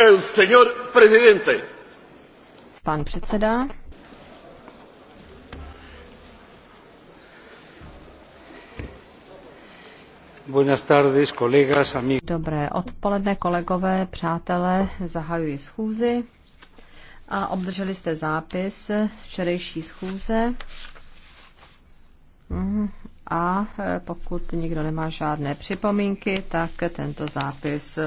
El señor presidente. Pan předseda. Buenas tardes, colegas, amigos. Dobré odpoledne, kolegové, přátelé, zahajuji schůzi a obdrželi jste zápis z včerejší schůze. Mhm. A e, pokud nikdo nemá žádné připomínky, tak tento zápis